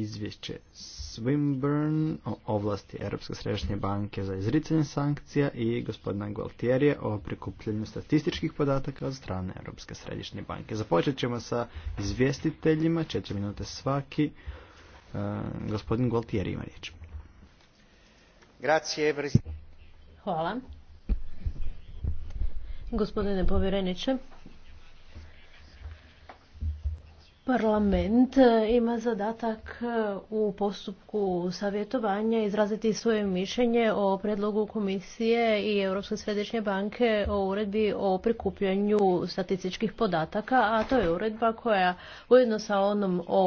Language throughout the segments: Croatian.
izvješće Swinburne o ovlasti Europske središnje banke za izricanje sankcija i gospodina Gualtierije o prikupljenju statističkih podataka od strane Europske središnje banke. Započet ćemo sa izvjestiteljima, četiri minute svaki. E, gospodin Gualtieri ima riječ. Grazie, Hvala. Gospodine povjereniče, Parlament e, ima zadatak e, u postupku savjetovanja izraziti svoje mišljenje o predlogu Komisije i Europske središnje banke o uredbi o prikupljanju statističkih podataka, a to je uredba koja ujedno sa onom o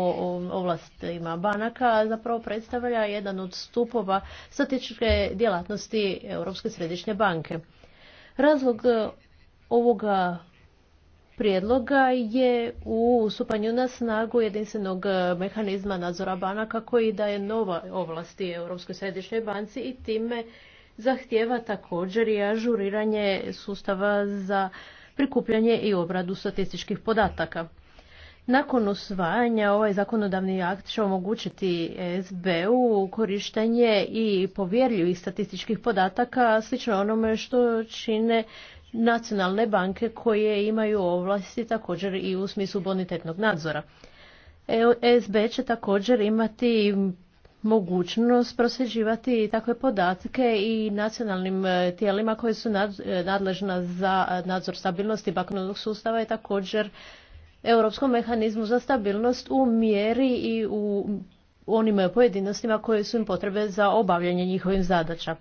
ovlastima banaka zapravo predstavlja jedan od stupova statističke djelatnosti Europske središnje banke. Razlog e, ovoga prijedloga je u stupanju na snagu jedinstvenog e, mehanizma nadzora banaka koji daje nova ovlasti Europskoj središnjoj banci i time zahtjeva također i ažuriranje sustava za prikupljanje i obradu statističkih podataka. Nakon usvajanja ovaj zakonodavni akt će omogućiti SBU korištenje i povjerljivih statističkih podataka slično onome što čine nacionalne banke koje imaju ovlasti također i u smislu bonitetnog nadzora. ESB će također imati mogućnost prosjeđivati takve podatke i nacionalnim e, tijelima koje su e, nadležna za nadzor stabilnosti bankovnog sustava i također Europskom mehanizmu za stabilnost u mjeri i u onim pojedinostima koje su im potrebe za obavljanje njihovim zadaća.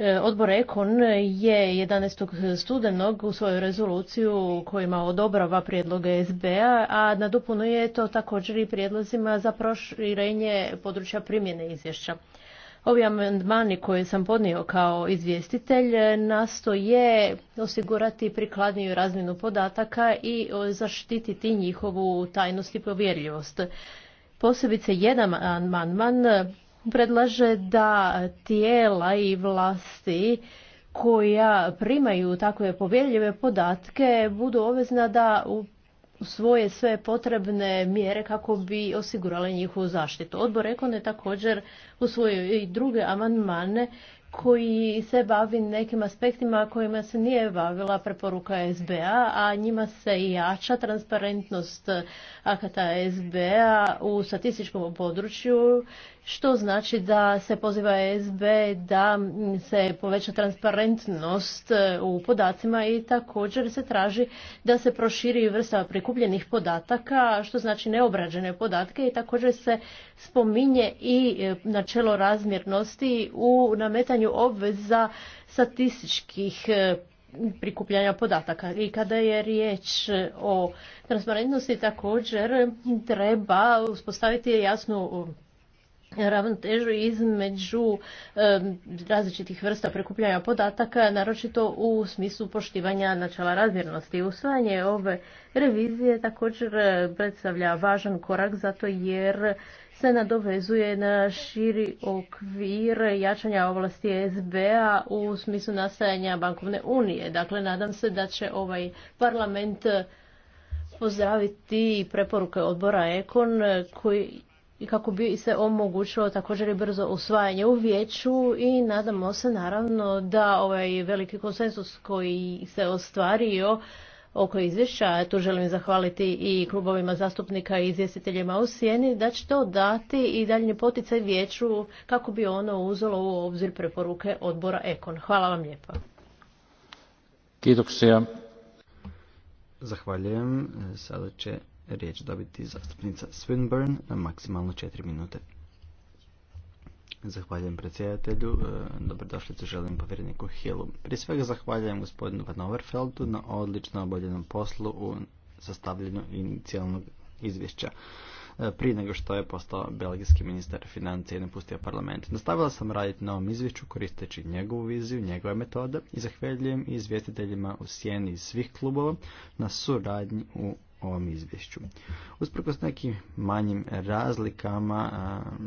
E, odbor Ekon je 11. studenog u svoju rezoluciju kojima odobrava prijedloge SBA, a nadopunuje to također i prijedlozima za proširenje područja primjene izvješća. Ovi amandmani koje sam podnio kao izvjestitelj nastoje osigurati prikladniju razmjenu podataka i zaštititi njihovu tajnost i povjerljivost. Posebice jedan amandman predlaže da tijela i vlasti koja primaju takve povjerljive podatke budu obvezna da u svoje sve potrebne mjere kako bi osigurale njihovu zaštitu. Odbor Ekon je također usvojio i druge amandmane koji se bavi nekim aspektima kojima se nije bavila preporuka SBA, a njima se i jača transparentnost akata SBA u statističkom području što znači da se poziva SB da se poveća transparentnost e, u podacima i također se traži da se proširi vrsta prikupljenih podataka, što znači neobrađene podatke i također se spominje i e, načelo razmjernosti u nametanju obveza statističkih e, prikupljanja podataka. I kada je riječ o transparentnosti također treba uspostaviti jasnu ravnotežu između različitih vrsta prikupljanja podataka, naročito u smislu poštivanja načela razmjernosti. Usvajanje ove revizije također e, predstavlja važan korak zato jer se nadovezuje na širi okvir jačanja ovlasti SBA u smislu nastajanja bankovne unije. Dakle, nadam se da će ovaj parlament pozdraviti preporuke odbora Ekon e, koji i kako bi se omogućilo također i brzo usvajanje u vijeću i nadamo se naravno da ovaj veliki konsensus koji se ostvario oko izvješća, tu želim zahvaliti i klubovima zastupnika i izvjestiteljima u Sjeni, da će to dati i daljnji poticaj vijeću kako bi ono uzelo u obzir preporuke odbora Ekon. Hvala vam lijepa riječ dobiti zastupnica Swinburne na maksimalno četiri minute. Zahvaljujem predsjedatelju, e, dobrodošlicu želim povjereniku Hillu. Prije svega zahvaljujem gospodinu Van Overfeldu na odlično oboljenom poslu u sastavljanju inicijalnog izvješća e, prije nego što je postao belgijski ministar financije i napustio parlament. Nastavila sam raditi na ovom izvješću koristeći njegovu viziju, njegove metode i zahvaljujem izvjestiteljima u sjeni svih klubova na suradnji u ovom izvješću. Usprkos nekim manjim razlikama,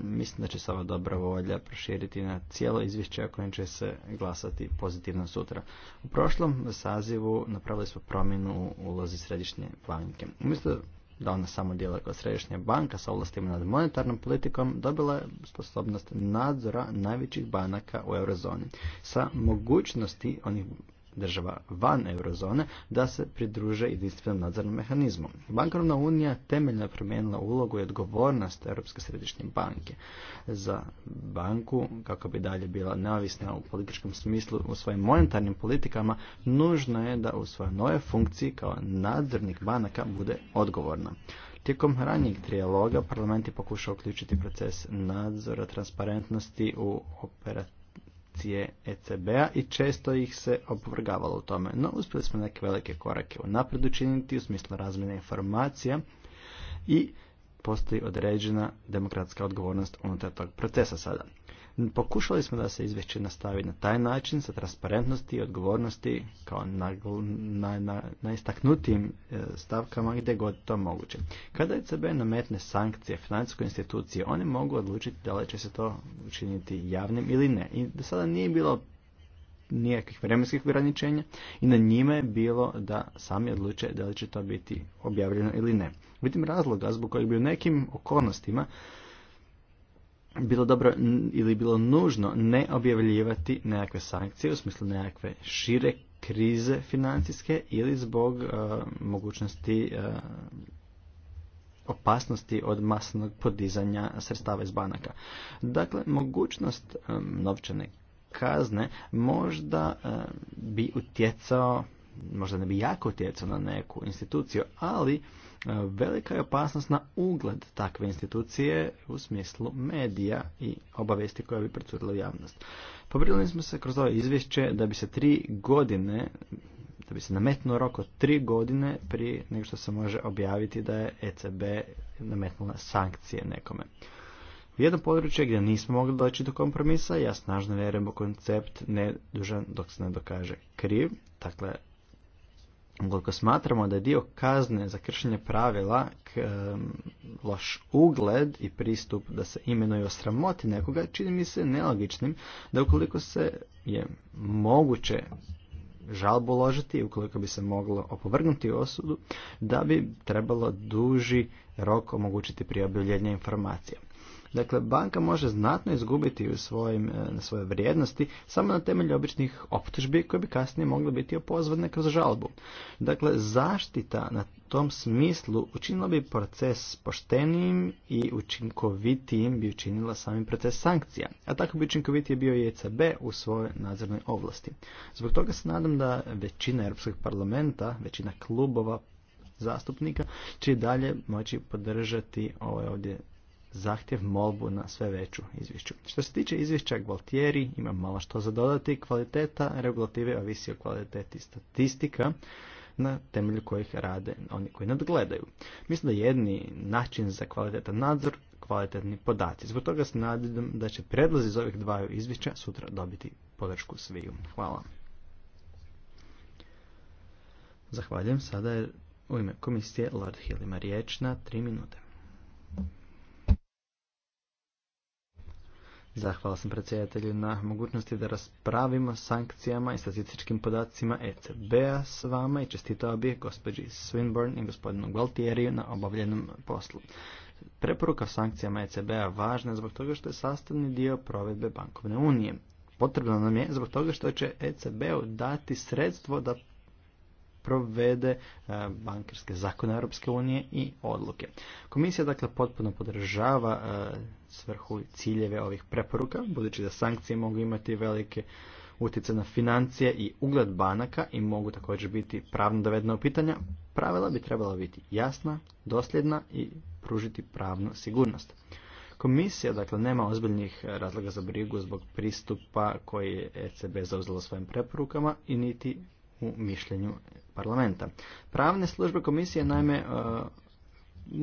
mislim da će se ova dobra volja proširiti na cijelo izvješće ako kojem će se glasati pozitivno sutra. U prošlom sazivu napravili smo promjenu u ulozi središnje banke. Umjesto da ona samo djela kao središnja banka sa ovlastima nad monetarnom politikom, dobila je sposobnost nadzora najvećih banaka u eurozoni sa mogućnosti onih država van eurozone da se pridruže jedinstvenom nadzornom mehanizmu. Bankovna unija temeljno je promijenila ulogu i odgovornost Europske središnje banke za banku kako bi dalje bila neovisna u političkom smislu u svojim monetarnim politikama nužno je da u svojoj nove funkciji kao nadzornik banaka bude odgovorna. Tijekom ranijeg trijaloga parlament je pokušao uključiti proces nadzora transparentnosti u operativnosti akcije ECB-a i često ih se opovrgavalo u tome. No, uspjeli smo neke velike korake u učiniti u smislu razmjene informacija i postoji određena demokratska odgovornost unutar tog procesa sada. Pokušali smo da se izvješće nastavi na taj način, sa transparentnosti i odgovornosti kao na, na, e, stavkama gdje god to moguće. Kada CB nametne sankcije financijskoj institucije, oni mogu odlučiti da li će se to učiniti javnim ili ne. I do sada nije bilo nijakih vremenskih ograničenja i na njima je bilo da sami odluče da li će to biti objavljeno ili ne. Vidim razloga zbog kojeg bi u nekim okolnostima bilo dobro ili bilo nužno ne objavljivati nekakve sankcije u smislu nekakve šire krize financijske ili zbog e, mogućnosti e, opasnosti od masnog podizanja sredstava iz banaka. Dakle, mogućnost um, novčane kazne možda bi utjecao, možda ne bi jako utjecao na neku instituciju, ali velika je opasnost na ugled takve institucije u smislu medija i obavesti koja bi pretvorila javnost. Pobrinuli smo se kroz ovo izvješće da bi se tri godine, da bi se nametnuo rok od tri godine prije nego što se može objaviti da je ECB nametnula sankcije nekome. U jednom području gdje nismo mogli doći do kompromisa, ja snažno vjerujem u koncept ne dužan dok se ne dokaže kriv, dakle Ukoliko smatramo da je dio kazne za kršenje pravila loš ugled i pristup da se imenuje osramoti nekoga, čini mi se nelogičnim da ukoliko se je moguće žalbu uložiti, ukoliko bi se moglo opovrgnuti osudu, da bi trebalo duži rok omogućiti prijavljenje informacija. Dakle, banka može znatno izgubiti u svojim, e, na svoje vrijednosti samo na temelju običnih optužbi koje bi kasnije mogle biti opozvodne kroz žalbu. Dakle, zaštita na tom smislu učinila bi proces poštenijim i učinkovitijim bi učinila sami proces sankcija, a tako bi učinkovitije bio i ECB u svojoj nadzornoj ovlasti. Zbog toga se nadam da većina Europskog parlamenta, većina klubova zastupnika će dalje moći podržati ovaj ovdje zahtjev molbu na sve veću izvješću. Što se tiče izvješća Gualtieri, imam malo što za dodati. Kvaliteta regulative ovisi o kvaliteti statistika na temelju kojih rade oni koji nadgledaju. Mislim da jedni način za kvalitetan nadzor kvalitetni podaci. Zbog toga se nadam da će predlozi iz ovih dvaju izvješća sutra dobiti podršku sviju. Hvala. Zahvaljujem. Sada je u ime komisije Lord Hill riječ na tri minute. Zahvala sam predsjedatelju na mogućnosti da raspravimo sankcijama i statističkim podacima ECB-a s vama i čestitao bih gospođi Swinburne i gospodinu Gualtieriju na obavljenom poslu. Preporuka sankcijama ECB-a važna je zbog toga što je sastavni dio provedbe bankovne unije. Potrebno nam je zbog toga što će ECB-u dati sredstvo da provede e, bankarske zakone Europske unije i odluke. Komisija dakle potpuno podržava e, svrhu ciljeve ovih preporuka, budući da sankcije mogu imati velike utjecaj na financije i ugled banaka i mogu također biti pravno dovedena u pitanja, pravila bi trebala biti jasna, dosljedna i pružiti pravnu sigurnost. Komisija dakle nema ozbiljnih razloga za brigu zbog pristupa koji je ECB zauzela svojim preporukama i niti u mišljenju parlamenta. Pravne službe komisije naime e,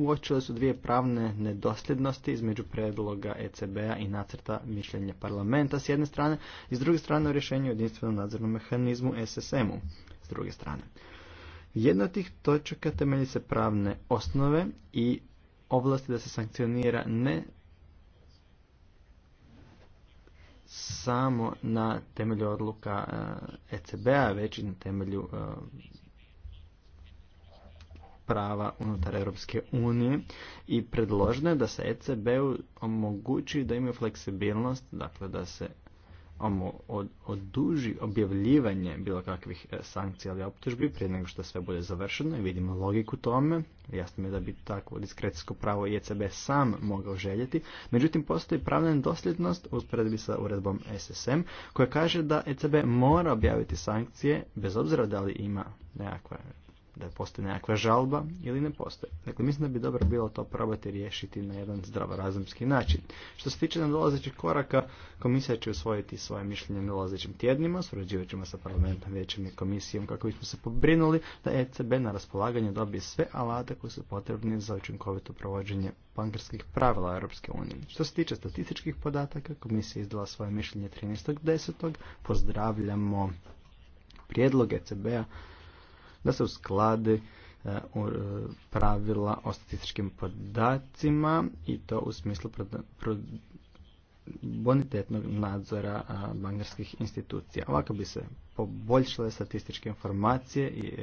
uočile su dvije pravne nedosljednosti između predloga ECB-a i nacrta mišljenja parlamenta s jedne strane i s druge strane o rješenju jedinstvenom nadzornom mehanizmu SSM-u s druge strane. Jedna od tih točaka temelji se pravne osnove i ovlasti da se sankcionira ne samo na temelju odluka ECB-a, eh, e već i na temelju eh, prava unutar Europske unije i predloženo je da se ECB-u omogući da imaju fleksibilnost, dakle da se oduži objavljivanje bilo kakvih e, sankcija ili optužbi prije nego što sve bude završeno i vidimo logiku tome. Jasno je da bi takvo diskrecijsko pravo ECB sam mogao željeti. Međutim, postoji pravna dosljednost usporedbi sa uredbom SSM koja kaže da ECB mora objaviti sankcije bez obzira da li ima nekakve da postoji nekakva žalba ili ne postoji. Dakle, mislim da bi dobro bilo to probati riješiti na jedan zdravorazumski način. Što se tiče nadolazećih koraka, komisija će usvojiti svoje mišljenje nadolazećim tjednima, surađivat ćemo sa parlamentom, vijećem i komisijom kako bismo se pobrinuli da ECB na raspolaganje dobije sve alate koji su potrebni za učinkovito provođenje bankarskih pravila Europske unije. Što se tiče statističkih podataka, komisija izdala svoje mišljenje 13.10. Pozdravljamo prijedlog ECB-a da se usklade eh, eh, pravila o statističkim podacima i to u smislu bonitetnog nadzora eh, bankarskih institucija. Ovako bi se poboljšale statističke informacije i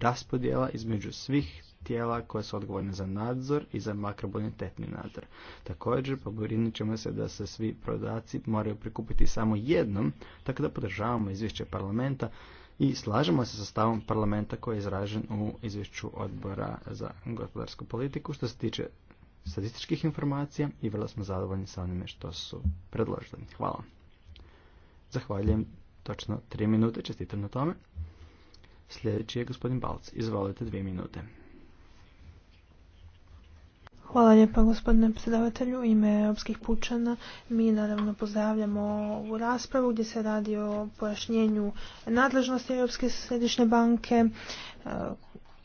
raspodjela između svih tijela koje su odgovorne za nadzor i za makrobonitetni nadzor. Također, pobrinit ćemo se da se svi prodaci moraju prikupiti samo jednom, tako da podržavamo izvješće parlamenta i slažemo se sa stavom parlamenta koji je izražen u izvješću odbora za gospodarsku politiku što se tiče statističkih informacija i vrlo smo zadovoljni sa onime što su predložili. Hvala. Zahvaljujem točno tri minute, čestitam na tome. Sljedeći je gospodin Balc. Izvolite dvije minute. Hvala lijepa gospodine predsjedavatelju. U ime Europskih pučana mi naravno pozdravljamo ovu raspravu gdje se radi o pojašnjenju nadležnosti Europske središnje banke e,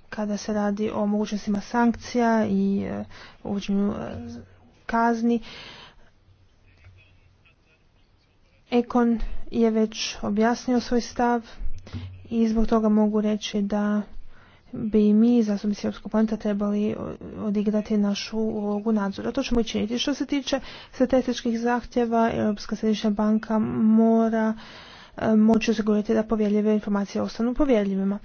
kada se radi o mogućnostima sankcija i e, uvođenju e, kazni. Ekon je već objasnio svoj stav i zbog toga mogu reći da bi mi, zastupnici Europskog planta trebali odigrati našu ulogu nadzora. To ćemo činiti. Što se tiče statističkih zahtjeva, Europska središnja banka mora e, moći osigurati da povjerljive informacije ostanu povjerljivima.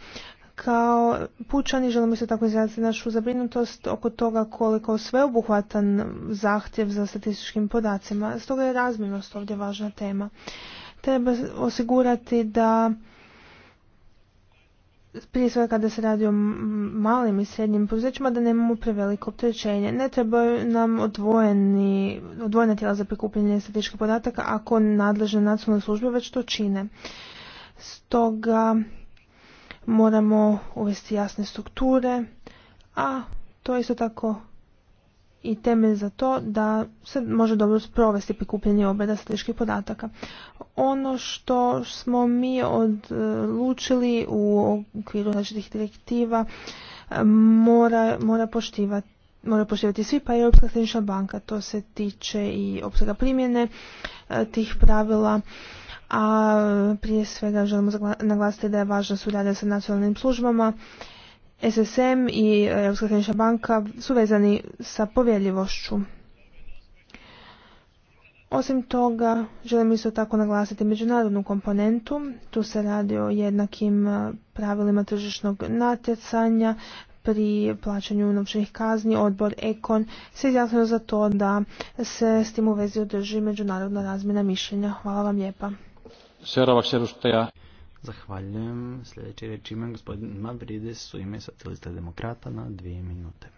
Kao pučani želimo se tako izraziti našu zabrinutost oko toga koliko sveobuhvatan zahtjev za statističkim podacima. Stoga je razmjernost ovdje važna tema. Treba osigurati da prije svega kada se radi o malim i srednjim poduzećima da nemamo preveliko opterećenje. Ne trebaju nam odvojeni, odvojena tijela za prikupljanje statističkih podataka ako nadležne nacionalne službe već to čine. Stoga moramo uvesti jasne strukture, a to isto tako i temelj za to da se može dobro sprovesti prikupljanje obrada statističkih podataka. Ono što smo mi odlučili u okviru različitih direktiva mora, mora poštivati mora poštivati svi, pa i Europska središnja banka. To se tiče i opsega primjene e, tih pravila a prije svega želimo naglasiti da je važna suradnja sa nacionalnim službama SSM i e, Europska središnja banka su vezani sa povjeljivošću. Osim toga, želim isto tako naglasiti međunarodnu komponentu. Tu se radi o jednakim e, pravilima tržišnog natjecanja pri plaćanju novčanih kazni. Odbor Ekon se izjasnio za to da se s tim u vezi održi međunarodna razmjena mišljenja. Hvala vam lijepa. Zahvaljujem. Sljedeći reč ima gospodin Mavridis u ime socijalista demokrata na dvije minute.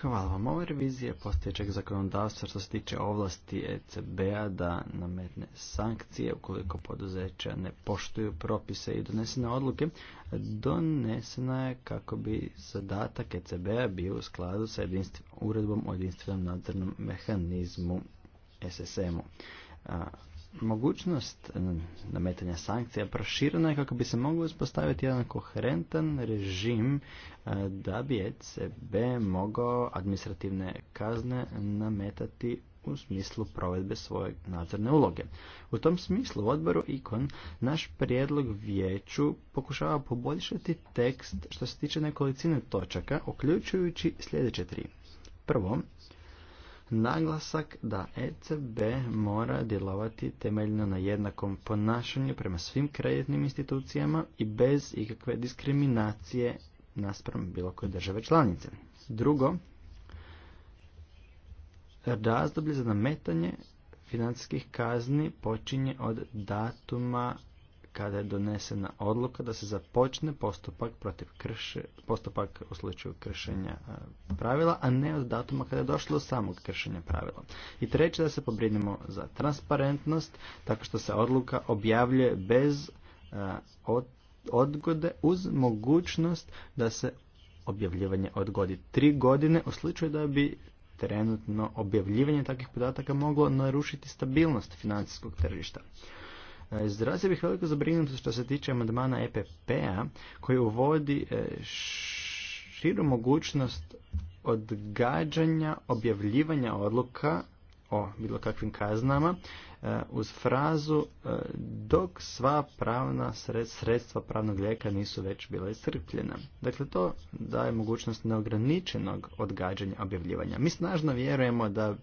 Hvala vam. Ovo je revizija postojećeg zakonodavstva što se tiče ovlasti ECB-a da nametne sankcije ukoliko poduzeća ne poštuju propise i donesene odluke. Donesena je kako bi zadatak ECB-a bio u skladu sa uredbom o jedinstvenom nadzornom mehanizmu SSM-u. Mogućnost nametanja sankcija proširena je kako bi se mogao uspostaviti jedan koherentan režim da bi ECB mogao administrativne kazne nametati u smislu provedbe svoje nadzorne uloge. U tom smislu u odboru IKON naš prijedlog vijeću pokušava poboljšati tekst što se tiče nekolicine točaka, uključujući sljedeće tri. Prvo, naglasak da ECB mora djelovati temeljno na jednakom ponašanju prema svim kreditnim institucijama i bez ikakve diskriminacije naspram bilo koje države članice. Drugo, razdoblje za nametanje financijskih kazni počinje od datuma kada je donesena odluka da se započne postupak protiv krše, postupak u slučaju kršenja e, pravila, a ne od datuma kada je došlo do samog kršenja pravila. I treće da se pobrinemo za transparentnost tako što se odluka objavljuje bez e, odgode uz mogućnost da se objavljivanje odgodi tri godine u slučaju da bi trenutno objavljivanje takvih podataka moglo narušiti stabilnost financijskog tržišta. Izrazio bih veliko zabrinut što se tiče amandmana EPP-a koji uvodi e, širu mogućnost odgađanja objavljivanja odluka o bilo kakvim kaznama e, uz frazu e, dok sva pravna sredstva pravnog lijeka nisu već bila iscrpljena. Dakle, to daje mogućnost neograničenog odgađanja objavljivanja. Mi snažno vjerujemo da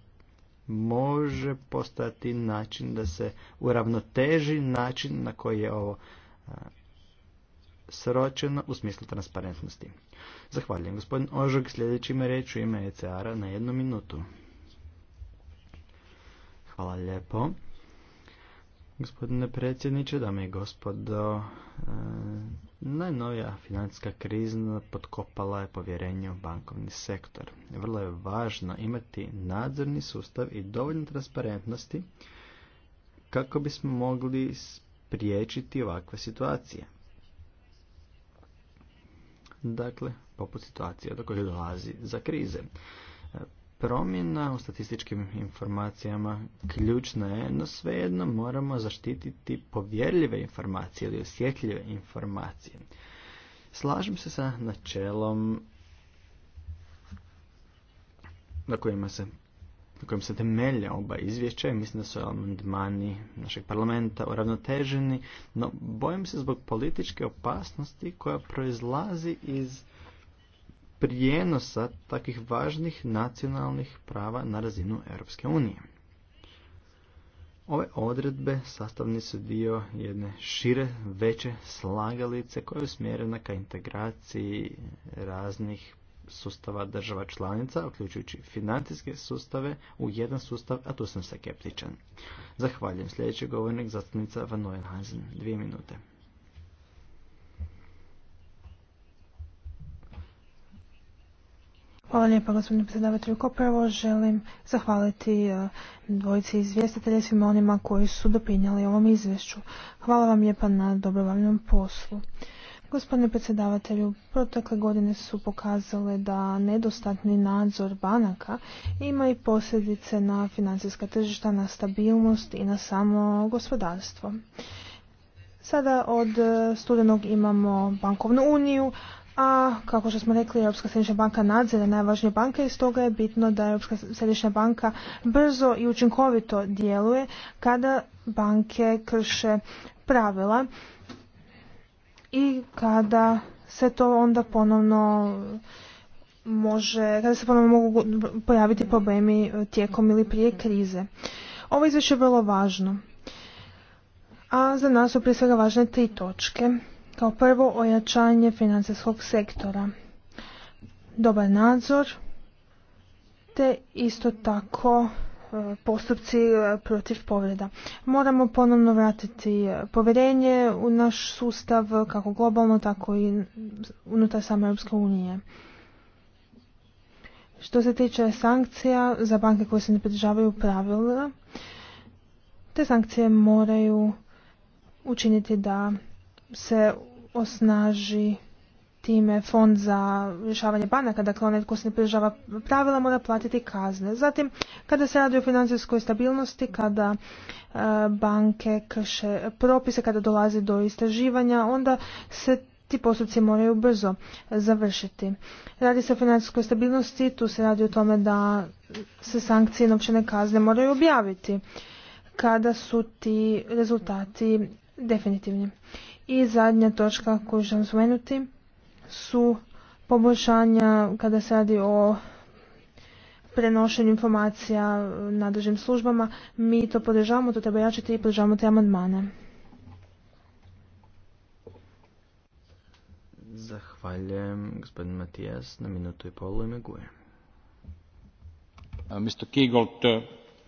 može postati način da se uravnoteži način na koji je ovo sročeno u smislu transparentnosti. Zahvaljujem gospodin Ožog, sljedeći me u ime ECR-a na jednu minutu. Hvala lijepo. Gospodine predsjedniče, dame i gospodo, Najnovija financijska kriza potkopala je povjerenje u bankovni sektor. Vrlo je važno imati nadzorni sustav i dovoljno transparentnosti kako bismo mogli spriječiti ovakve situacije. Dakle, poput situacije do koje dolazi za krize promjena u statističkim informacijama ključna je, no svejedno moramo zaštititi povjerljive informacije ili osjetljive informacije. Slažem se sa načelom na kojima se kojem se temelja oba izvješća i mislim da su amandmani našeg parlamenta uravnoteženi, no bojim se zbog političke opasnosti koja proizlazi iz prijenosa takvih važnih nacionalnih prava na razinu Europske unije. Ove odredbe sastavni su dio jedne šire, veće slagalice koja je usmjerena ka integraciji raznih sustava država članica, uključujući financijske sustave, u jedan sustav, a tu sam skeptičan. Zahvaljujem sljedeći govornik, zastupnica Van Nooyen-Hansen. Dvije minute. Hvala lijepa gospodine predsjedavatelju. Kopravo. prvo želim zahvaliti e, dvojici izvjestitelja svima onima koji su dopinjali ovom izvješću. Hvala vam lijepa na dobrovoljnom poslu. Gospodine predsjedavatelju, protekle godine su pokazale da nedostatni nadzor banaka ima i posljedice na financijska tržišta, na stabilnost i na samo gospodarstvo. Sada od e, studenog imamo bankovnu uniju, a kako što smo rekli, Europska središnja banka nadzire najvažnije banke i stoga je bitno da Europska središnja banka brzo i učinkovito djeluje kada banke krše pravila i kada se to onda ponovno može, kada se ponovno mogu pojaviti problemi e, tijekom ili prije krize. Ovo izvješće je vrlo važno. A za nas su prije svega važne tri točke. Kao prvo, ojačanje financijskog sektora, dobar nadzor, te isto tako e, postupci e, protiv povreda. Moramo ponovno vratiti e, povjerenje u naš sustav kako globalno, tako i unutar same Europske unije. Što se tiče sankcija za banke koje se ne pridržavaju pravila, te sankcije moraju učiniti da se osnaži time fond za rješavanje banaka, dakle onaj tko se ne pridržava pravila mora platiti kazne. Zatim, kada se radi o financijskoj stabilnosti, kada e, banke krše propise, kada dolazi do istraživanja, onda se ti postupci moraju brzo završiti. Radi se o financijskoj stabilnosti, tu se radi o tome da se sankcije i novčane kazne moraju objaviti kada su ti rezultati definitivni. I zadnja točka koju želim zmenuti su poboljšanja kada se radi o prenošenju informacija nadležnim službama. Mi to podržavamo, to treba jačiti i podržavamo te amandmane. Zahvaljujem gospodin Matijas na minutu i polu ime Guje. Uh, Mr. Uh,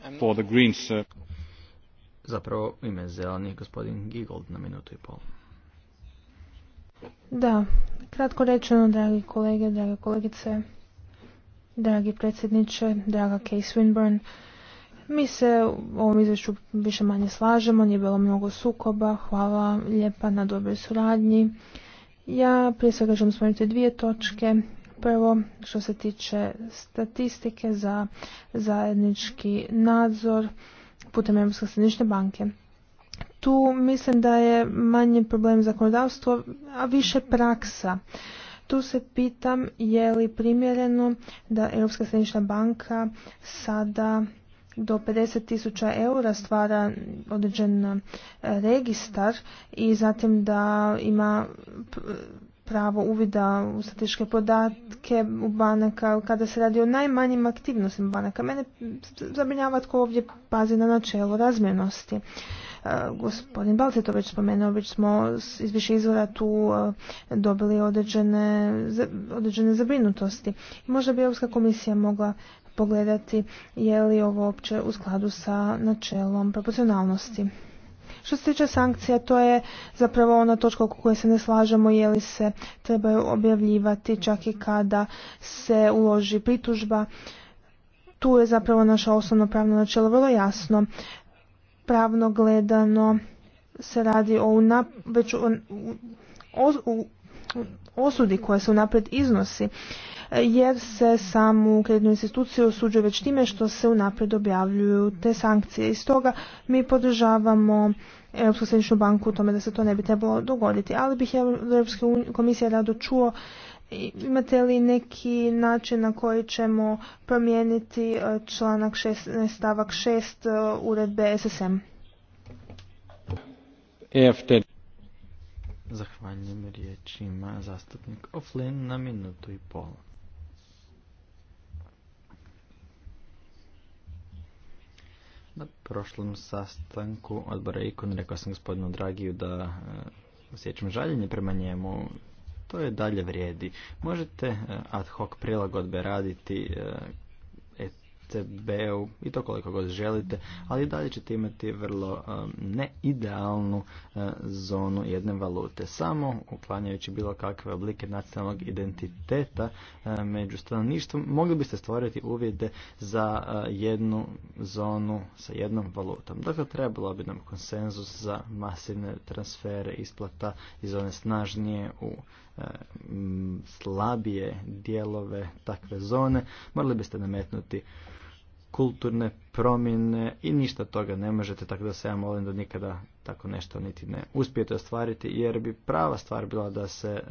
um, for the Greens. Uh. Zapravo ime zelenih gospodin Gigold na minutu i polu. Da, kratko rečeno, dragi kolege, drage kolegice, dragi predsjedniče, draga Kay Swinburne, mi se u ovom izvješću više manje slažemo, nije bilo mnogo sukoba, hvala lijepa na dobroj suradnji. Ja prije svega želim spomenuti dvije točke. Prvo, što se tiče statistike za zajednički nadzor putem Europske središnje banke tu mislim da je manji problem zakonodavstvo, a više praksa. Tu se pitam je li primjereno da Europska središnja banka sada do 50.000 eura stvara određen e, registar i zatim da ima pravo uvida u statističke podatke u banaka kada se radi o najmanjim aktivnostima banaka. Mene zabrinjava tko ovdje pazi na načelo razmjernosti. Gospodin je to već spomenuo, već smo iz više izvora tu e, dobili određene, zabrinutosti. Možda bi Europska komisija mogla pogledati je li ovo uopće u skladu sa načelom proporcionalnosti. Što se tiče sankcija, to je zapravo ona točka oko koje se ne slažemo, je li se trebaju objavljivati čak i kada se uloži pritužba. Tu je zapravo naša osnovno pravno načelo vrlo jasno pravno gledano se radi o, već o, osudi koja se unaprijed iznosi jer se samu kreditnu instituciju osuđuje već time što se unaprijed objavljuju te sankcije. I stoga mi podržavamo Europsku središnju banku u tome da se to ne bi trebalo dogoditi. Ali bih Europska komisija rado čuo Imate li neki način na koji ćemo promijeniti e, članak 16, stavak 6 e, uredbe SSM? EFT. Zahvaljujem riječima zastupnik Oflin na minutu i pol. Na prošlom sastanku odbora Ikon rekao sam gospodinu Dragiju da e, osjećam žaljenje prema njemu to je dalje vrijedi. Možete e, ad hoc prilagodbe raditi ECB-u e i to koliko god želite, ali dalje ćete imati vrlo e, neidealnu zonu jedne valute. Samo uklanjajući bilo kakve oblike nacionalnog identiteta među stanovništvom mogli biste stvoriti uvjete za jednu zonu sa jednom valutom. Dakle, trebalo bi nam konsenzus za masivne transfere isplata iz one snažnije u E, slabije dijelove takve zone, morali biste nametnuti kulturne promjene i ništa toga ne možete, tako da se ja molim da nikada tako nešto niti ne uspijete ostvariti, jer bi prava stvar bila da se e,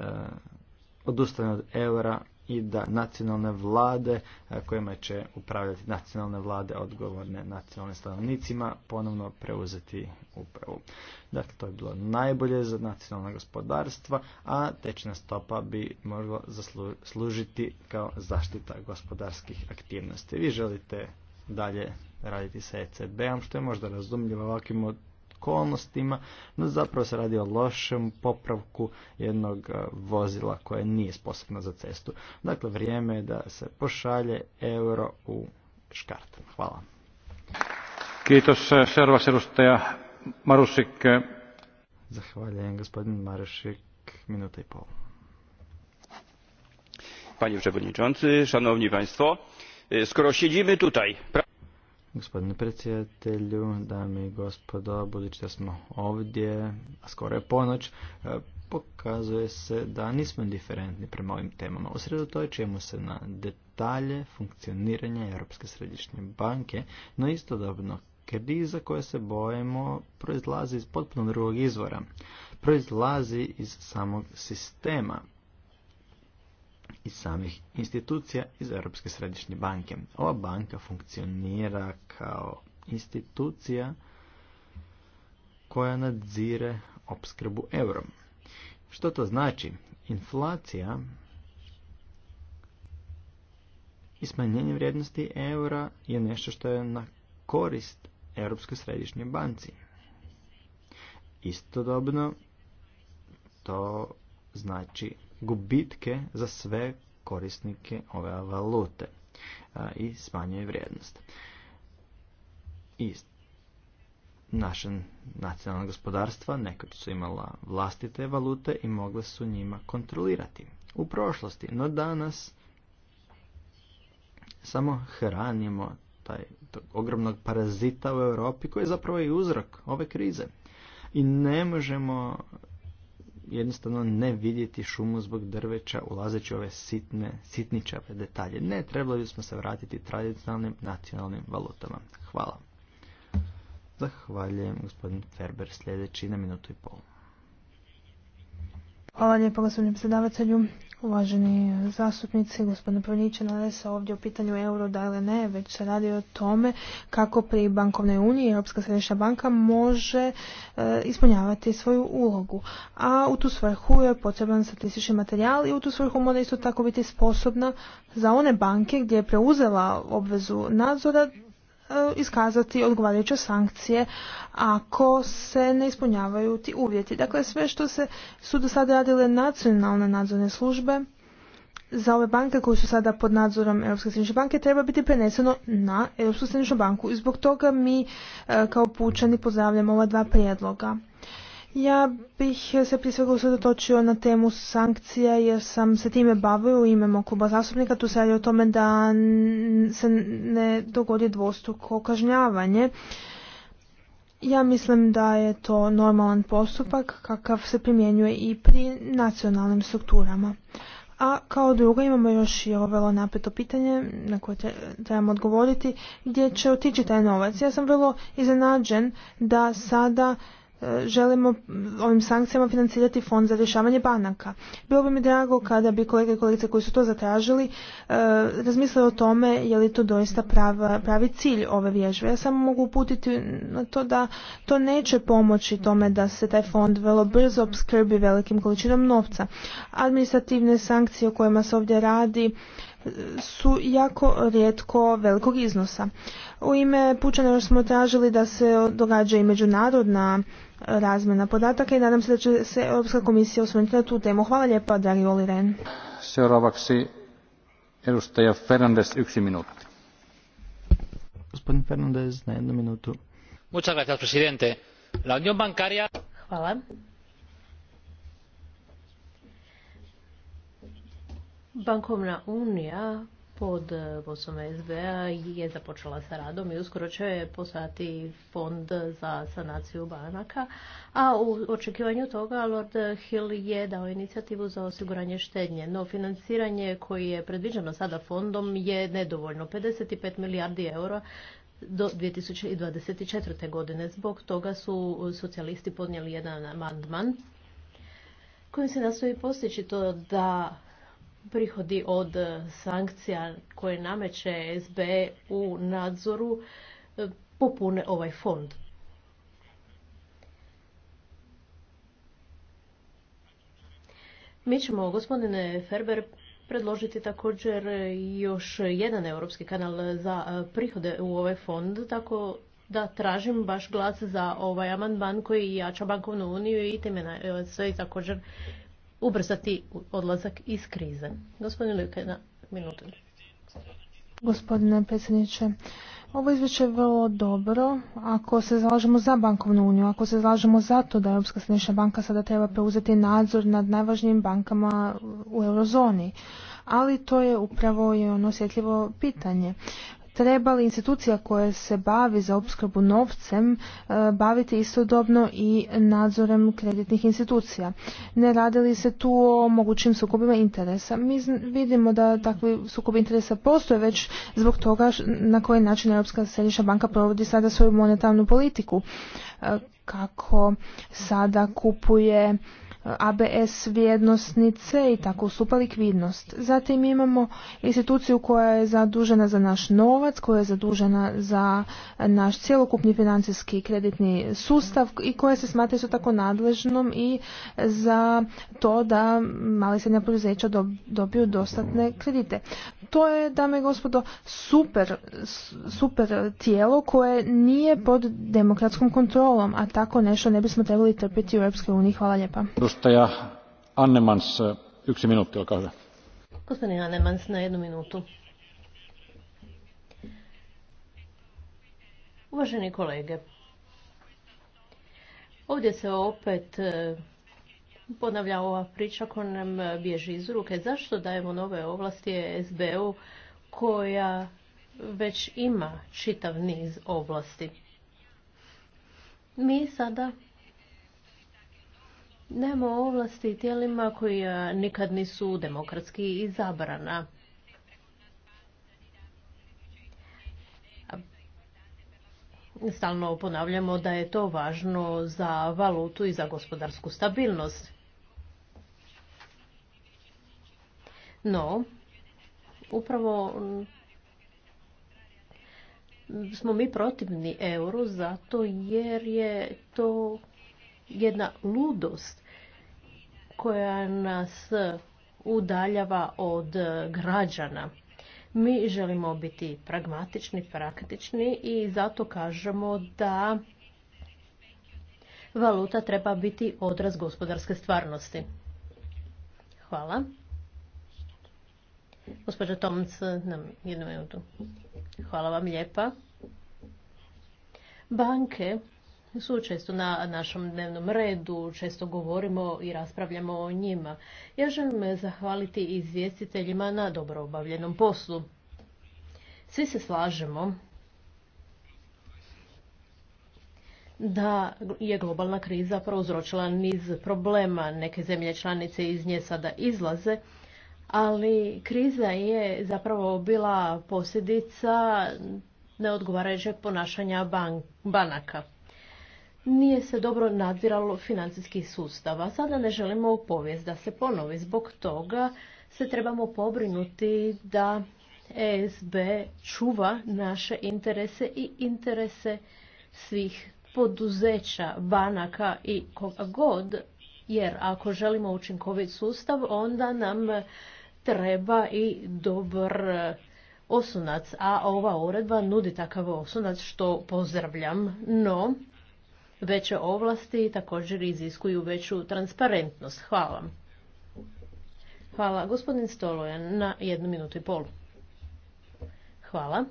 odustane od eura i da nacionalne vlade e, kojima će upravljati nacionalne vlade odgovorne nacionalnim stanovnicima ponovno preuzeti upravu. Dakle, to je bilo najbolje za nacionalna gospodarstva, a tečna stopa bi mogla služiti kao zaštita gospodarskih aktivnosti. Vi želite dalje raditi sa ECB-om, što je možda razumljivo ovakvim okolnostima, no zapravo se radi o lošem popravku jednog vozila koje nije sposobno za cestu. Dakle, vrijeme je da se pošalje euro u škart. Hvala. Kiitos, eh, servas, edustaja Marusik. Eh. Zahvaljujem, gospodin Marušik, minuta i pol. Panie Przewodniczący, Szanowni Państwo, eh, skoro siedzimy tutaj... Gospodine predsjedatelju, dame i gospodo, budući da smo ovdje, a skoro je ponoć, e, pokazuje se da nismo indiferentni prema ovim temama. Usredotočujemo se na detalje funkcioniranja Europske središnje banke, no istodobno kriza koja se bojimo proizlazi iz potpuno drugog izvora. Proizlazi iz samog sistema iz samih institucija iz Europske središnje banke. Ova banka funkcionira kao institucija koja nadzire opskrbu eurom. Što to znači? Inflacija i smanjenje vrijednosti eura je nešto što je na korist Europskoj središnjoj banci. Istodobno to znači gubitke za sve korisnike ove valute i smanjuje vrijednost. I naša nacionalna gospodarstva nekad su imala vlastite valute i mogle su njima kontrolirati u prošlosti, no danas samo hranimo taj ogromnog parazita u Europi koji je zapravo i uzrok ove krize. I ne možemo jednostavno ne vidjeti šumu zbog drveća ulazeći u ove sitne, sitničave detalje. Ne, trebali bismo se vratiti tradicionalnim nacionalnim valutama. Hvala. Zahvaljujem gospodin Ferber sljedeći na minutu i pol. Hvala lijepo gospodine predsjedavatelju. Uvaženi zastupnici, gospodine Prvniće, nade se ovdje o pitanju euro da li ne, već se radi o tome kako pri bankovnoj uniji Europska središnja banka može e, ispunjavati svoju ulogu. A u tu svrhu je potreban statistički materijal i u tu svrhu mora isto tako biti sposobna za one banke gdje je preuzela obvezu nadzora E, iskazati odgovarajuće sankcije ako se ne ispunjavaju ti uvjeti. Dakle, sve što se su do sada radile nacionalne nadzorne službe za ove banke koje su sada pod nadzorom Europske središnje banke treba biti preneseno na Europsku središnju banku i zbog toga mi e, kao pučani pozdravljamo ova dva prijedloga. Ja bih se prije svega usredotočio na temu sankcija jer sam se time bavio u ime kluba zastupnika. Tu se radi o tome da se ne dogodi dvostruko kažnjavanje. Ja mislim da je to normalan postupak kakav se primjenjuje i pri nacionalnim strukturama. A kao drugo imamo još i ovo vrlo napeto pitanje na koje trebamo odgovoriti gdje će otići taj novac. Ja sam vrlo iznenađen da sada želimo ovim sankcijama financirati fond za rješavanje banaka. Bilo bi mi drago kada bi kolege i kolegice koji su to zatražili e, razmislili o tome je li to doista pravi cilj ove vježbe. Ja samo mogu uputiti na to da to neće pomoći tome da se taj fond vrlo brzo obskrbi velikim količinom novca. Administrativne sankcije o kojima se ovdje radi su jako rijetko velikog iznosa. U ime Pučana još smo tražili da se događa i međunarodna razmjena podataka i nadam se da će se Europska komisija osvrnuti na tu temu. Hvala lijepa, Dari Oli Ren. Seuraavaksi edustaja Fernandez, yksi minuutti. Gospodin Fernandez, na jednu minutu. Muchas gracias, presidente. La Unión Bancaria... Hvala. Bankovna unija pod vodstvom SBA je započela sa radom i uskoro će postati fond za sanaciju banaka, a u očekivanju toga Lord Hill je dao inicijativu za osiguranje štednje, no financiranje koje je predviđeno sada fondom je nedovoljno. 55 milijardi eura do 2024. godine. Zbog toga su socijalisti podnijeli jedan amandman kojim se nastoji postići to da prihodi od e, sankcija koje nameće SB u nadzoru e, popune ovaj fond. Mi ćemo, gospodine Ferber, predložiti također još jedan europski kanal za e, prihode u ovaj fond, tako da tražim baš glas za ovaj amandman koji jača bankovnu uniju i time sve također ubrzati odlazak iz krize. Gospodin luka Gospodine predsjedniče, ovo izvješće je vrlo dobro ako se zalažemo za bankovnu uniju, ako se zalažemo za to da Europska središnja banka sada treba preuzeti nadzor nad najvažnijim bankama u eurozoni. Ali to je upravo i ono osjetljivo pitanje treba li institucija koja se bavi za opskrbu novcem e, baviti istodobno i nadzorem kreditnih institucija? Ne li se tu o mogućim sukobima interesa. Mi vidimo da takvi sukobi interesa postoje već zbog toga na koji način Europska središnja banka provodi sada svoju monetarnu politiku e, kako sada kupuje ABS vrijednosnice i tako ustupa likvidnost. Zatim imamo instituciju koja je zadužena za naš novac, koja je zadužena za naš cjelokupni financijski kreditni sustav i koja se smatra isto tako nadležnom i za to da mali srednja poduzeća dobiju dostatne kredite to je, dame i gospodo, super, super tijelo koje nije pod demokratskom kontrolom, a tako nešto ne bismo trebali trpiti u Europskoj uniji. Hvala lijepa. Dostaja Annemans, yksi minuutti, olkaa hyvä. Gospodin Annemans, na jednu minutu. Uvaženi kolege, ovdje se opet ponavlja ova priča koja nam bježi iz ruke. Zašto dajemo nove ovlasti SBU koja već ima čitav niz ovlasti? Mi sada nemamo ovlasti tijelima koja nikad nisu demokratski izabrana. stalno ponavljamo da je to važno za valutu i za gospodarsku stabilnost. No, upravo smo mi protivni euru zato jer je to jedna ludost koja nas udaljava od građana. Mi želimo biti pragmatični, praktični i zato kažemo da valuta treba biti odraz gospodarske stvarnosti. Hvala. Gospodin Tomc, nam jednu minutu. Hvala vam lijepa. Banke su često na našem dnevnom redu, često govorimo i raspravljamo o njima. Ja želim zahvaliti izvjestiteljima na dobro obavljenom poslu. Svi se slažemo da je globalna kriza prouzročila niz problema. Neke zemlje članice iz nje sada izlaze, ali kriza je zapravo bila posljedica neodgovarajućeg ponašanja banaka nije se dobro nadziralo financijski sustav, a sada ne želimo u povijest da se ponovi. Zbog toga se trebamo pobrinuti da ESB čuva naše interese i interese svih poduzeća, banaka i koga god, jer ako želimo učinkovit sustav, onda nam treba i dobar osunac, a ova uredba nudi takav osunac što pozdravljam, no veće ovlasti također iziskuju veću transparentnost. Hvala. Hvala. Gospodin Stolojan na jednu minutu i pol. Hvala.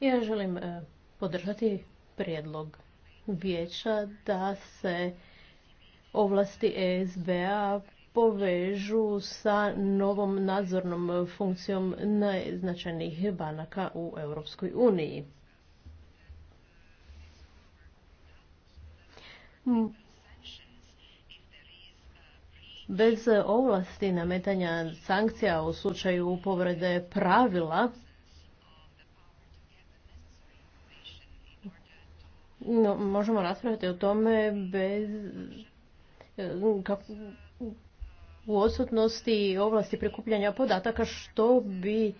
Ja želim e, podržati prijedlog vijeća da se ovlasti ESB-a povežu sa novom nadzornom funkcijom najznačajnijih banaka u Europskoj uniji. Bez ovlasti nametanja sankcija u slučaju povrede pravila možemo raspraviti o tome bez kako, u odsutnosti i ovlasti prikupljanja podataka što bi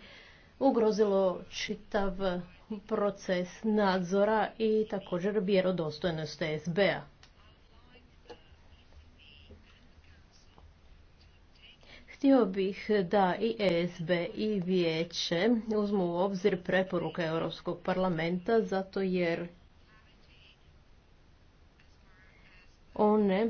ugrozilo čitav proces nadzora i također vjerodostojnost esb a Htio bih da i ESB i vijeće uzmu u obzir preporuke Europskog parlamenta zato jer one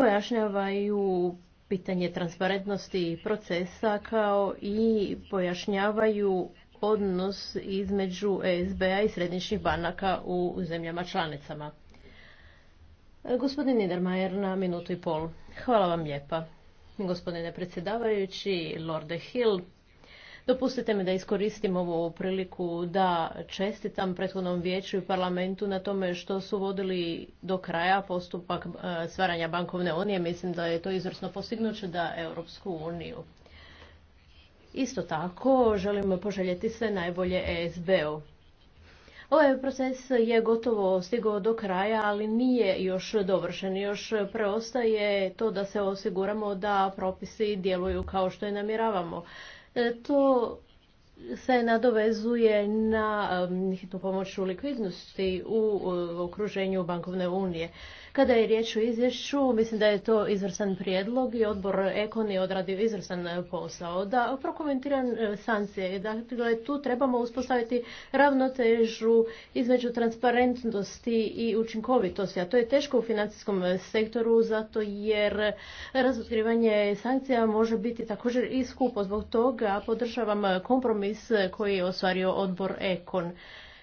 pojašnjavaju pitanje transparentnosti procesa kao i pojašnjavaju odnos između SBA i središnjih banaka u zemljama članicama. Gospodin Niedermayer na minutu i pol. Hvala vam lijepa. Gospodine predsjedavajući, Lorde Hill, Dopustite mi da iskoristim ovu priliku da čestitam prethodnom vijeću i parlamentu na tome što su vodili do kraja postupak e, stvaranja bankovne unije. Mislim da je to izvrsno postignuće da Europsku uniju. Isto tako želim poželjeti sve najbolje ESB-u. Ovaj proces je gotovo stigao do kraja, ali nije još dovršen. Još preostaje to da se osiguramo da propisi djeluju kao što je namjeravamo. E, to se nadovezuje na hitnu pomoć u likvidnosti u okruženju bankovne unije. Kada je riječ o izvješću, mislim da je to izvrsan prijedlog i odbor Ekon je odradio izvrsan e, posao. Da prokomentiram e, sankcije, da dakle, tu trebamo uspostaviti ravnotežu između transparentnosti i učinkovitosti, a to je teško u financijskom sektoru zato jer razotkrivanje sankcija može biti također i skupo. Zbog toga podržavam kompromis koji je ostvario odbor Ekon.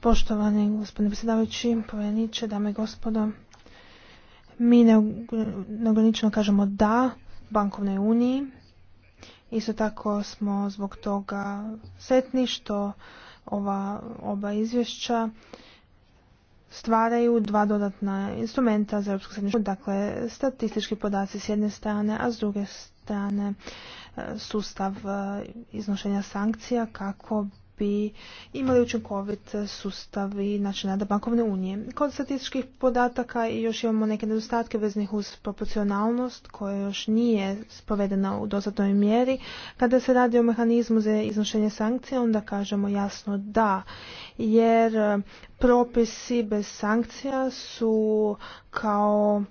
Poštovani gospodine predsjedavajući, povjereniče, dame i gospodo, mi neograničeno kažemo da bankovnoj uniji. Isto tako smo zbog toga sretni što ova oba izvješća stvaraju dva dodatna instrumenta za Europsku središnju. Dakle, statistički podaci s jedne strane, a s druge strane e, sustav e, iznošenja sankcija kako bi imali učinkovit sustav i način rada bankovne unije. Kod statističkih podataka još imamo neke nedostatke veznih uz proporcionalnost koja još nije sprovedena u dostatnoj mjeri. Kada se radi o mehanizmu za iznošenje sankcija onda kažemo jasno da jer propisi bez sankcija su kao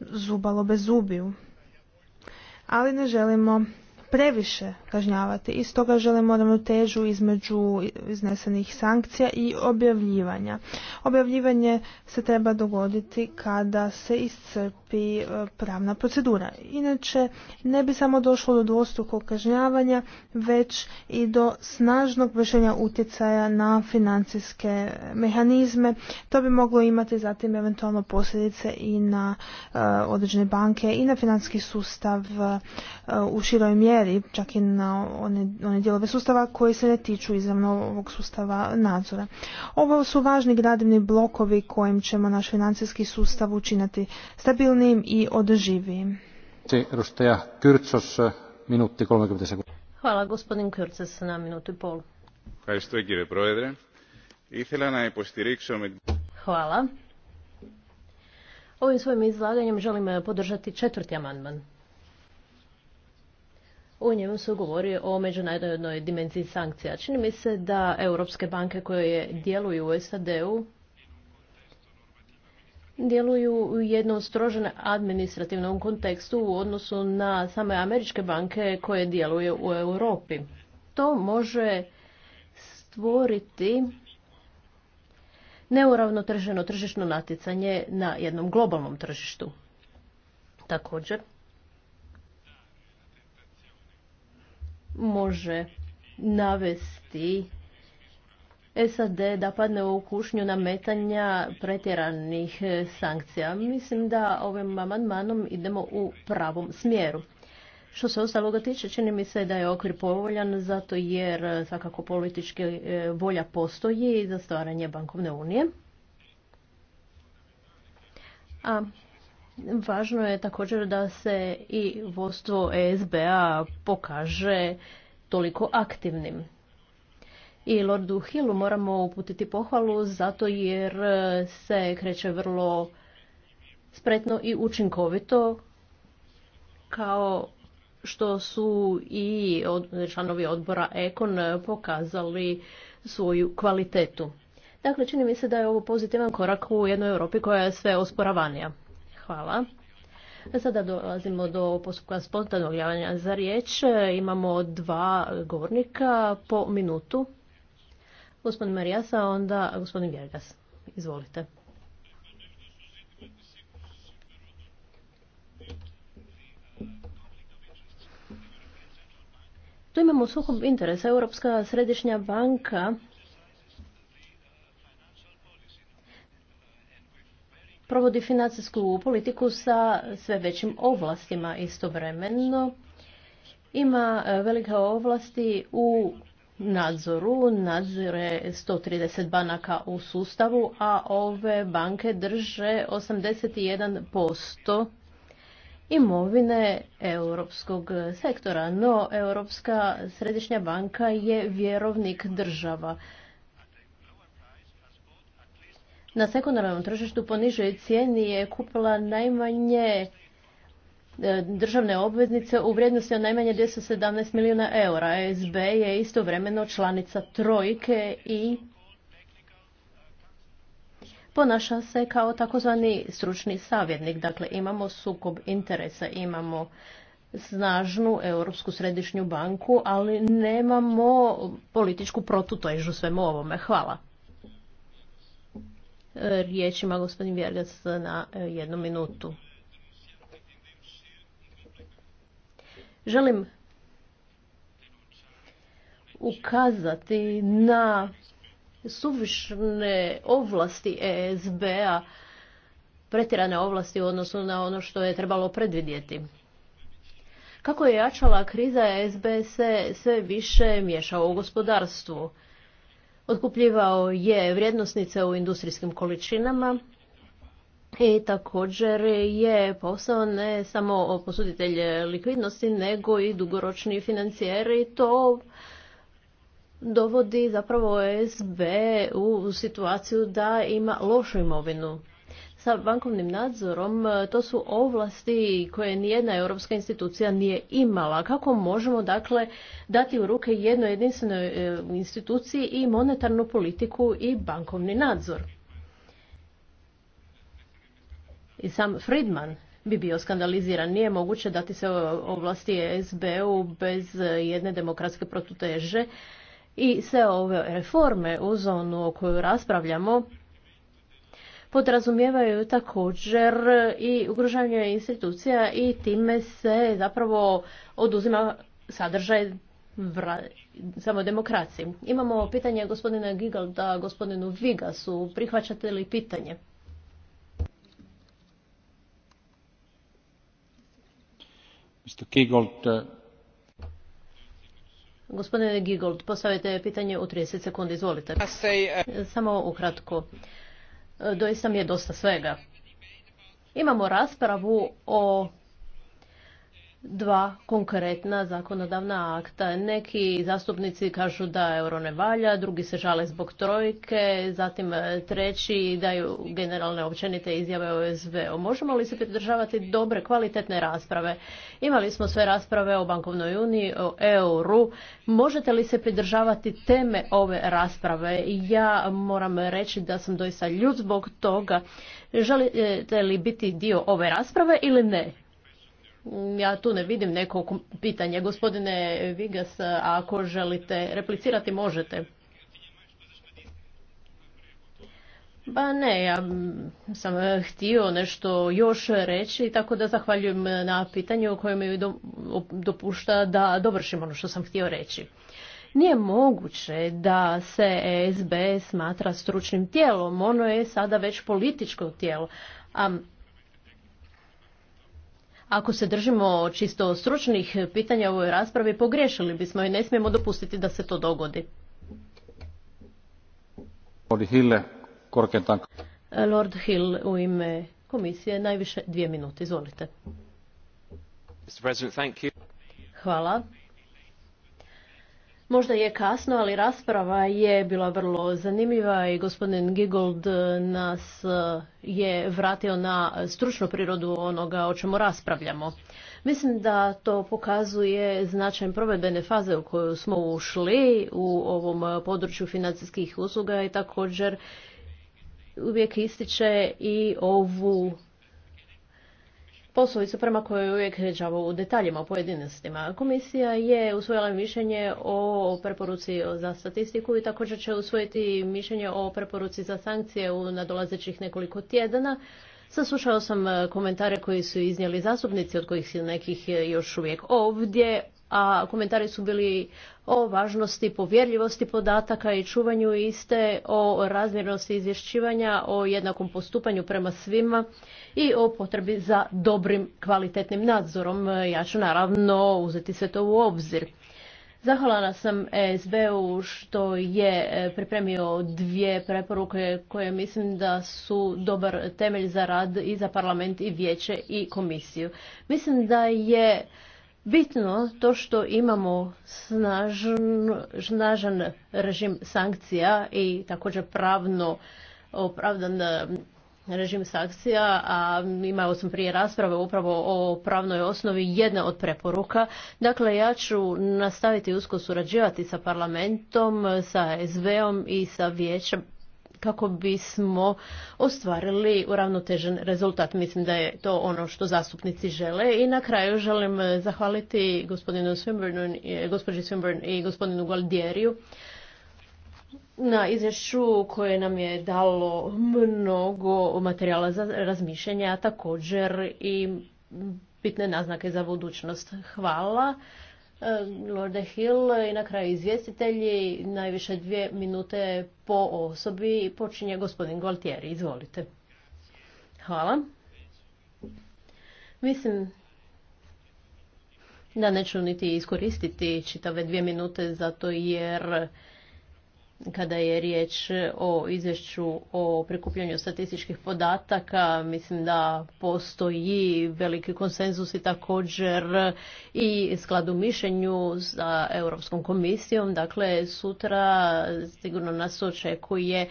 zubalo bez zubiju. Ali ne želimo previše kažnjavati i stoga želimo težu između iznesenih sankcija i objavljivanja. Objavljivanje se treba dogoditi kada se iscrpi i e, pravna procedura. Inače, ne bi samo došlo do dvostrukog kažnjavanja, već i do snažnog vršenja utjecaja na financijske mehanizme. To bi moglo imati zatim eventualno posljedice i na e, određene banke i na financijski sustav e, u široj mjeri, čak i na one, dijelove sustava koji se ne tiču izravno ovog sustava nadzora. Ovo su važni gradivni blokovi kojim ćemo naš financijski sustav učiniti stabilnim stabilnijim i održivijim. Hvala gospodin Kyrtsos, na minutu i pol. Hvala. Ovim svojim izlaganjem želim e, podržati četvrti amandman. U njemu se govori o međunarodnoj dimenziji sankcija. Čini mi se da europske banke koje djeluju u SAD-u djeluju u jednom strožen administrativnom kontekstu u odnosu na same američke banke koje djeluju u Europi. To može stvoriti neuravnoteženo tržišno natjecanje na jednom globalnom tržištu. Također, može navesti SAD da padne u kušnju nametanja pretjeranih e, sankcija. Mislim da ovim amandmanom idemo u pravom smjeru. Što se ostaloga tiče, čini mi se da je okvir povoljan zato jer e, svakako politička e, volja postoji za stvaranje bankovne unije. A važno je također da se i vodstvo ESB-a pokaže toliko aktivnim i Lordu Hillu moramo uputiti pohvalu zato jer e, se kreće vrlo spretno i učinkovito kao što su i članovi odbora Ekon pokazali svoju kvalitetu. Dakle, čini mi se da je ovo pozitivan korak u jednoj Europi koja je sve osporavanija. Hvala. Sada dolazimo do postupka spontanog javanja za riječ. E, imamo dva govornika po minutu gospodin Marijasa, onda gospodin Vjergas. Izvolite. Tu imamo sukob interesa. Europska središnja banka provodi financijsku politiku sa sve većim ovlastima istovremeno. Ima e, velike ovlasti u nadzoru, nadzire 130 banaka u sustavu, a ove banke drže 81% imovine europskog sektora, no Europska središnja banka je vjerovnik država. Na sekundarnom tržištu po nižoj cijeni je kupila najmanje E, državne obveznice u vrijednosti od najmanje 217 milijuna eura. SB je istovremeno članica trojke i ponaša se kao takozvani stručni savjetnik. Dakle, imamo sukob interesa, imamo snažnu Europsku središnju banku, ali nemamo političku protutežu svemu ovome. Hvala. E, riječ ima gospodin Vjergac na e, jednu minutu. Želim ukazati na suvišne ovlasti ESB-a, pretjerane ovlasti u odnosu na ono što je trebalo predvidjeti. Kako je jačala kriza, ESB se sve više miješao u gospodarstvu. Otkupljivao je vrijednosnice u industrijskim količinama, i također je posao ne samo posuditelj likvidnosti, nego i dugoročni financijeri. To dovodi zapravo SB u situaciju da ima lošu imovinu. Sa bankovnim nadzorom to su ovlasti koje nijedna europska institucija nije imala. Kako možemo dakle dati u ruke jednoj jedinstvenoj e, instituciji i monetarnu politiku i bankovni nadzor? I sam Friedman bi bio skandaliziran. Nije moguće dati se ovlasti SBU bez jedne demokratske protuteže i sve ove reforme u zonu o kojoj raspravljamo podrazumijevaju također i ugrožavanje institucija i time se zapravo oduzima sadržaj samo demokraciji. Imamo pitanje gospodina Gigalda, gospodinu Vigasu. Prihvaćate li pitanje? Eh, Gospodine Gigold, postavite pitanje u 30 sekundi, izvolite. Eh, Samo ukratko. Eh, doista mi je dosta svega. Imamo raspravu o dva konkretna zakonodavna akta. Neki zastupnici kažu da euro ne valja, drugi se žale zbog trojke, zatim e, treći daju generalne općenite izjave o SVO. Možemo li se pridržavati dobre, kvalitetne rasprave? Imali smo sve rasprave o bankovnoj uniji, o euru. Možete li se pridržavati teme ove rasprave? Ja moram reći da sam doista ljud zbog toga. Želite li biti dio ove rasprave ili ne? Mm, ja tu ne vidim neko pitanje. Gospodine Vigas, ako želite replicirati, možete. Ba ne, ja mm, sam e, htio nešto još reći, tako da zahvaljujem na pitanju kojem mi dopušta da dovršim ono što sam htio reći. Nije moguće da se ESB smatra stručnim tijelom, ono je sada već političko tijelo. A ako se držimo čisto stručnih pitanja u ovoj raspravi, pogriješili bismo i ne smijemo dopustiti da se to dogodi. Lord Hill e, u ime komisije najviše dvije minute. Izvolite. Hvala. Možda je kasno, ali rasprava je bila vrlo zanimljiva i gospodin Gigold nas eh, je vratio na stručnu prirodu onoga o čemu raspravljamo. Mislim da to pokazuje značaj provedbene faze u koju smo ušli u ovom području financijskih usluga i također uvijek ističe i ovu poslovicu prema kojoj uvijek ređamo u detaljima, o pojedinostima. Komisija je usvojila mišljenje o preporuci za statistiku i također će usvojiti mišljenje o preporuci za sankcije u nadolazećih nekoliko tjedana. Saslušao sam komentare koji su iznijeli zastupnici, od kojih su nekih još uvijek ovdje, a komentari su bili o važnosti povjerljivosti podataka i čuvanju iste, o razmjernosti izvješćivanja, o jednakom postupanju prema svima i o potrebi za dobrim kvalitetnim nadzorom. Ja ću naravno uzeti sve to u obzir. Zahvalana sam SB-u što je pripremio dvije preporuke koje mislim da su dobar temelj za rad i za parlament i vijeće i komisiju. Mislim da je bitno to što imamo snažan, snažan režim sankcija i također pravno opravdan eh, režim sankcija, a imao sam prije rasprave upravo o pravnoj osnovi jedna od preporuka. Dakle, ja ću nastaviti usko surađivati sa parlamentom, sa SV-om i sa vijećem kako bismo ostvarili uravnotežen rezultat. Mislim da je to ono što zastupnici žele. I na kraju želim eh, zahvaliti gospodinu Swinburne, eh, gospođi Swinburne i gospodinu Gualdieriju na izvješću koje nam je dalo mnogo materijala za razmišljanje, a također i bitne naznake za budućnost. Hvala. Eh, Lorde Hill i na kraju izvjestitelji, najviše dvije minute po osobi, počinje gospodin Gualtieri, izvolite. Hvala. Mislim da neću niti iskoristiti čitave dvije minute zato jer kada je riječ o izvješću o prikupljanju statističkih podataka, mislim da postoji veliki konsenzus i također i skladu mišljenju sa Europskom komisijom. Dakle, sutra sigurno nas očekuje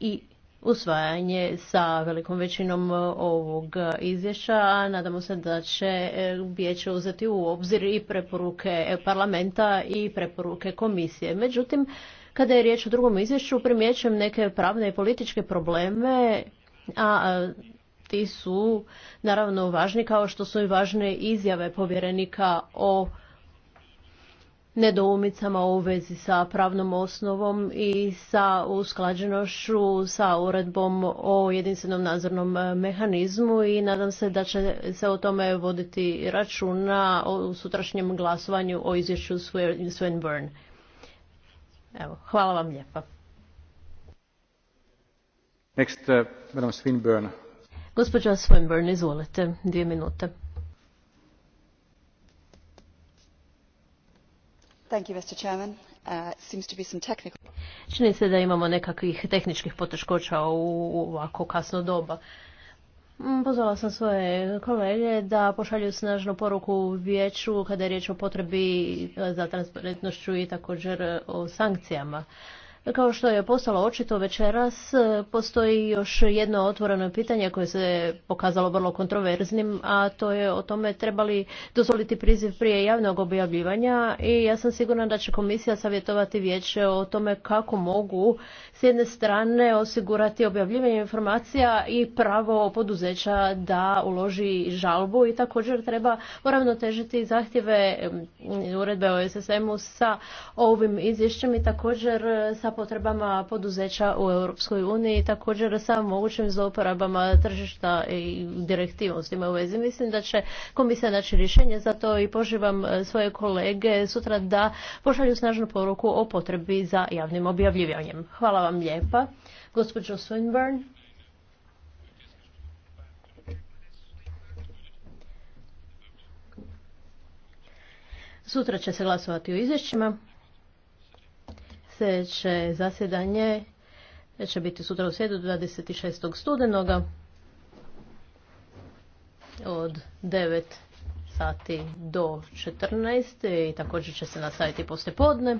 i usvajanje sa velikom većinom e, ovog e, izvješća, nadamo se da će e, vijeće uzeti u obzir i preporuke parlamenta i preporuke komisije. Međutim, kada je riječ o drugom izvješću, primjećujem neke pravne i političke probleme, a ti su naravno važni kao što su i važne izjave povjerenika o nedoumicama u vezi sa pravnom osnovom i sa usklađenošću sa uredbom o jedinstvenom nadzornom e, mehanizmu i nadam se da će se o tome voditi računa u sutrašnjem glasovanju o izvješću Swinburne. Evo, hvala vam lijepa. Next, uh, Swinburne. izvolite, dvije minute. Uh, Čini se da imamo nekakvih tehničkih poteškoća u ovako kasno doba. Mm, pozvala sam svoje kolege da pošalju snažnu poruku vijeću kada je riječ o potrebi za transparentnošću i također o sankcijama. Kao što je postalo očito večeras, e, postoji još jedno otvoreno pitanje koje se pokazalo vrlo kontroverznim, a to je o tome trebali dozvoliti priziv prije javnog objavljivanja i ja sam sigurna da će komisija savjetovati vijeće o tome kako mogu s jedne strane osigurati objavljivanje informacija i pravo poduzeća da uloži žalbu i također treba težiti zahtjeve mm, uredbe o SSM-u sa ovim izvješćem i također sa potrebama poduzeća u Europskoj uniji, također sa mogućim zlouporabama tržišta i direktivom s time u vezi. Mislim da će komisija naći rješenje za to i poživam e, svoje kolege sutra da pošalju snažnu poruku o potrebi za javnim objavljivanjem. Hvala vam lijepa. Gospođo Swinburne. Sutra će se glasovati o izvješćima. Sljedeće zasjedanje će biti sutra u sjedu 26. studenoga od 9 sati do 14 i također će se nastaviti poslije podne.